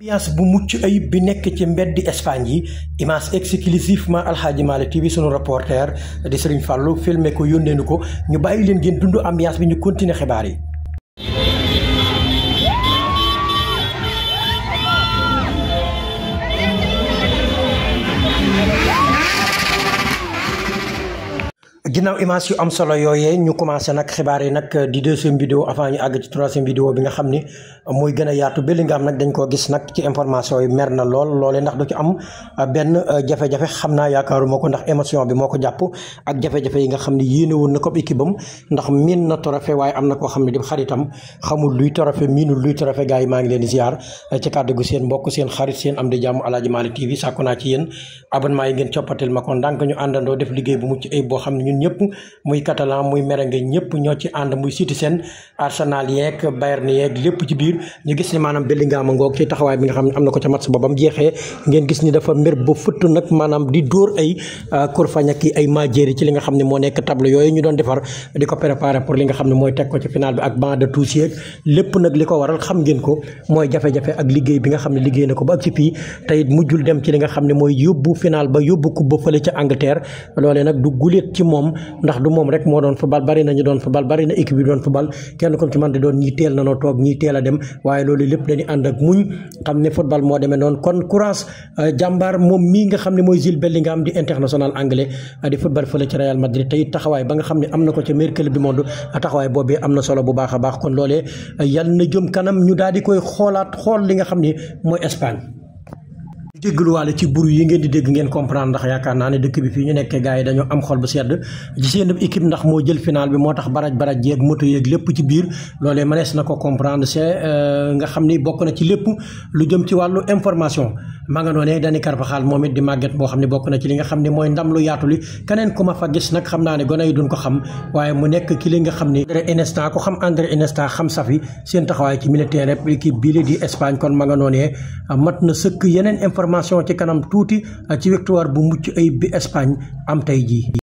ambiance bu mucc ayib bi nekk ci mbeddi Espagne yi image exclusivement Aladji Malick TV sunu reporter di Serigne Fallou filmé ko yónnee nu ko ñu bàyyi leen ngeen dundu ambiance bi ñu continuer xibaar yi ginnaaw image yu am solo yooyee ñu commencé nag xibaar yi nag di deuxième vidéo avant ñu àgg ci troisième vidéo bi nga xam ni muy gën a yaatu ba nga am na ko ndax émotion bi moo ko jàpp yi nga xam ni yéene na ko équipe na koo xam ne di xaritam xamul luy trophée miinul luy trophée gars yi maa ngi leen di ziar ci kàddu gu seen mbokk seen xarit seen am di jàmm Aladji Malick TV sàkku naa ci yéen abonnement yi ngeen coppatel ma ko ndànk ñu àndandoo def liggéey bu mucc ayib boo xam ne ñun ñëpp muy catalan muy merengue ñëpp ñoo ci ànd muy Citizen Arsenal yeeg Bayern yeeg lépp ci biir ñu gis ni maanaam Bellingham ngoog ci taxawaay bi nga xam ne am na ko ca match boobam jeexee ngeen ni dafa mer ba fëtt nag maanaam di dóor ay euh, kurfañ ak ci li nga xam ne moo nekk tableau yooyu ñu doon defar di ko préparer pour li nga xam ne mooy teg ko ci final bi ak banc de lépp nag li ko waral xam ngeen ko mooy jafe-jafe ak liggéey bi nga xam ne liggéey na ko ba ak ci fii tey it mujjul dem ci li nga xam ne mooy yóbbu final ba yóbbu coupe ba fële ca Angleterre loolee nag du guléet ci moom ndax du moom rek moo doon football bari na ñu doon football bari na équipe bi doon football kenn comme ci man di doon ñii teel na noo toog ñii teel a dem waaye loolu lépp dañu ànd ak muñ xam ne football moo demee noonu kon courage euh, jàmbaar moom mii nga xam ne mooy Jude Bellingham di international anglais euh, di football fële ci Real Madrid tey taxawaay ba nga xam ne am na ko ca meilleur club du monde taxawaay boobee am na solo bu baax a baax kon loole yal na jëm kanam ñu daal di koy xoolaat xool li nga xam ne mooy Espagne jégaluwaale ci buru yi ngeen di dégg ngeen comprendre ndax yaakaar naa ne dëkk bi fii ñu nekkee gars yi dañoo am xol bu sedd ci seen équipe ndax moo jël final bi moo tax baraj baraj yeeg moto yeeg lépp ci biir loolee mënees na ko comprendre c'est euh, nga xam ni bokk na ci lépp lu jëm ci wàllu information ma nga noonee Dani Carvajal moom it di màgget boo xam ne bokk na ci li nga xam ne mooy ndam lu yaatu keneen ku ma fa gis nag xam naa ne gone yi duñ ko xam waaye mu nekk ki li nga xam ne André Iniesta ku xam André Iniesta xam safi seen taxawaay ci militaire rek équipe bii di Espagne kon ma nga noonee mat na sëkk yeneen information ci kanam tuuti ci victoire bu mucc ay bi Espagne am tey jii